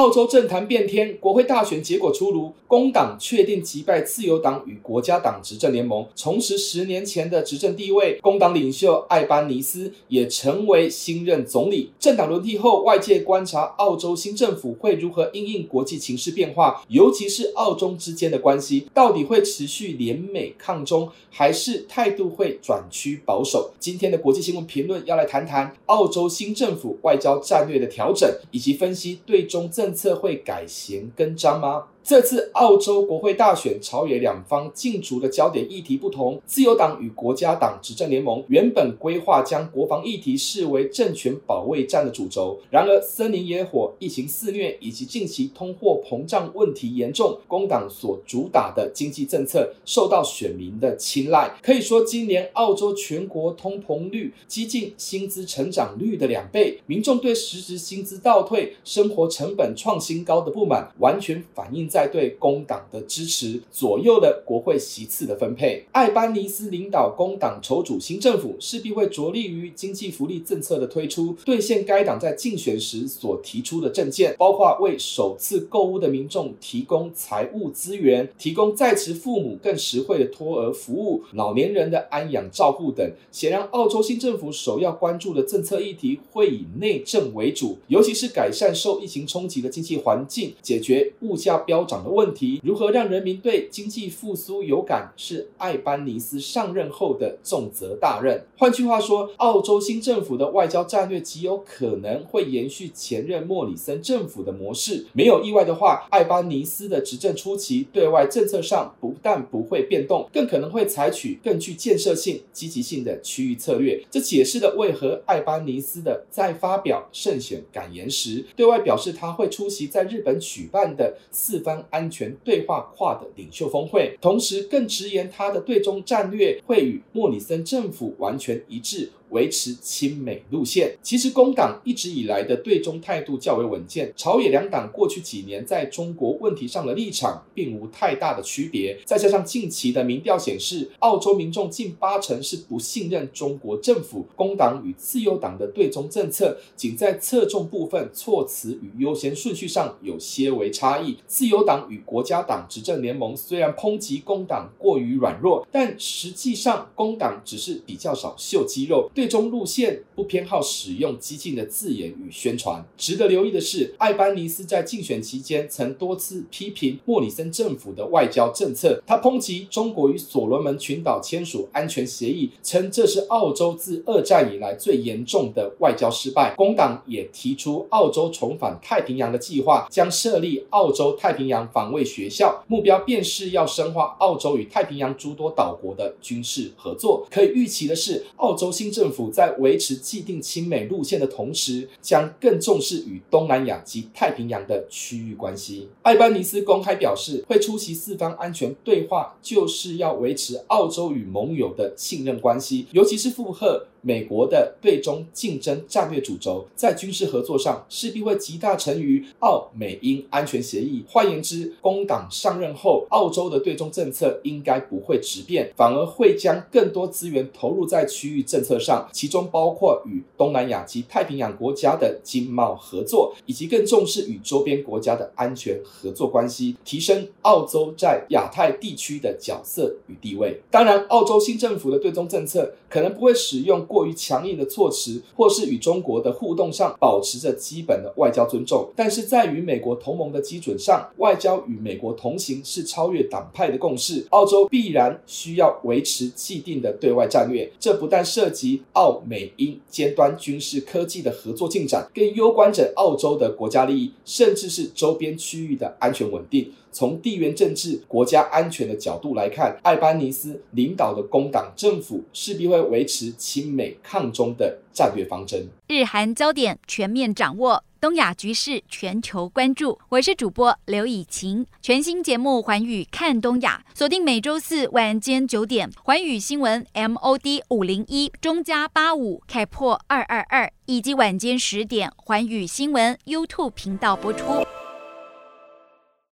澳洲政壇變天，國會大選結果出爐，工黨確定擊敗自由黨與國家黨執政聯盟，重拾十年前的執政地位。工黨領袖艾班尼斯也成為新任總理。政黨輪替後，外界觀察澳洲新政府會如何因應國際情勢變化，尤其是澳中之間的關係，到底會持續聯美抗中，還是態度會轉趨保守？今天的國際新聞評論要來談談澳洲新政府外交戰略的調整，以及分析對中政。政策會改弦更張嗎？這次澳洲國會大選，朝野兩方競逐的焦點議題不同。自由黨與國家黨執政聯盟原本規劃將國防議題視為政權保衛戰的主軸，然而森林野火、疫情肆虐以及近期通貨膨脹問題嚴重，工黨所主打的經濟政策受到選民的青睞。可以說，今年澳洲全國通膨率幾近薪資成長率的兩倍，民眾對實質薪資倒退、生活成本創新高的不滿，完全反映，在對工黨的支持，左右了國會席次的分配，艾班尼斯領導工黨籌組新政府，勢必會着力於經濟福利政策的推出，兌現該黨在競選時所提出的政見，包括為首次購物的民眾提供財務資源，提供在職父母更實惠的托兒服務，老年人的安養照護等。顯然，澳洲新政府首要關注的政策議題會以內政為主，尤其是改善受疫情衝擊的經濟環境，解決物價飆。漲的問題，如何讓人民對經濟復甦有感，是艾班尼斯上任後的重責大任。換句話說，澳洲新政府的外交戰略極有可能會延續前任莫里森政府的模式。沒有意外的話，艾班尼斯的執政初期對外政策上不但不會變動，更可能會採取更具建設性、積極性的區域策略。這解釋了為何艾班尼斯的在發表勝選感言時，對外表示他會出席在日本舉辦的四方。安全對話跨的領袖峰會，同時更直言他的對中戰略會與莫里森政府完全一致。維持親美路線。其實工黨一直以來的對中態度較為穩健，朝野兩黨過去幾年在中國問題上的立場並無太大的區別。再加上近期的民調顯示，澳洲民眾近八成是不信任中國政府。工黨與自由黨的對中政策僅在側重部分措辭與優先順序上有些微差異。自由黨與國家黨執政聯盟雖然抨擊工黨過於軟弱，但實際上工黨只是比較少秀肌肉。最終路線不偏好使用激進的字眼與宣傳。值得留意的是，艾班尼斯在競選期間曾多次批評莫里森政府的外交政策。他抨擊中國與所羅門群島簽署安全協議，稱這是澳洲自二戰以來最嚴重的外交失敗。工黨也提出澳洲重返太平洋的計劃，將設立澳洲太平洋防衛學校，目標便是要深化澳洲與太平洋諸多島國的軍事合作。可以預期的是，澳洲新政。政府在維持既定親美路線的同時，將更重視與東南亞及太平洋的區域關係。艾班尼斯公開表示，會出席四方安全對話，就是要維持澳洲與盟友的信任關係，尤其是附和。美國的對中競爭戰略主軸在軍事合作上勢必會極大成於澳美英安全協議。換言之，工黨上任後，澳洲的對中政策應該不會質變，反而會將更多資源投入在區域政策上，其中包括與東南亞及太平洋國家的經貿合作，以及更重視與周邊國家的安全合作關係，提升澳洲在亞太地區的角色與地位。當然，澳洲新政府的對中政策可能不會使用。過於強硬的措辭，或是與中國的互動上保持着基本的外交尊重，但是在與美國同盟的基準上，外交與美國同行是超越黨派的共識。澳洲必然需要維持既定的對外戰略，這不但涉及澳美英尖端軍事科技的合作進展，更攸關着澳洲的國家利益，甚至是周邊區域的安全穩定。從地緣政治、國家安全的角度來看，艾班尼斯領導的工黨政府勢必會維持親美抗中的戰略方針。日韓焦點全面掌握，東亞局勢全球關注。我是主播劉以晴，全新節目《寰宇看東亞》，鎖定每週四晚間九點，《寰宇新聞》MOD 五零一中加八五開破二二二，以及晚間十點《寰宇新聞》YouTube 頻道播出。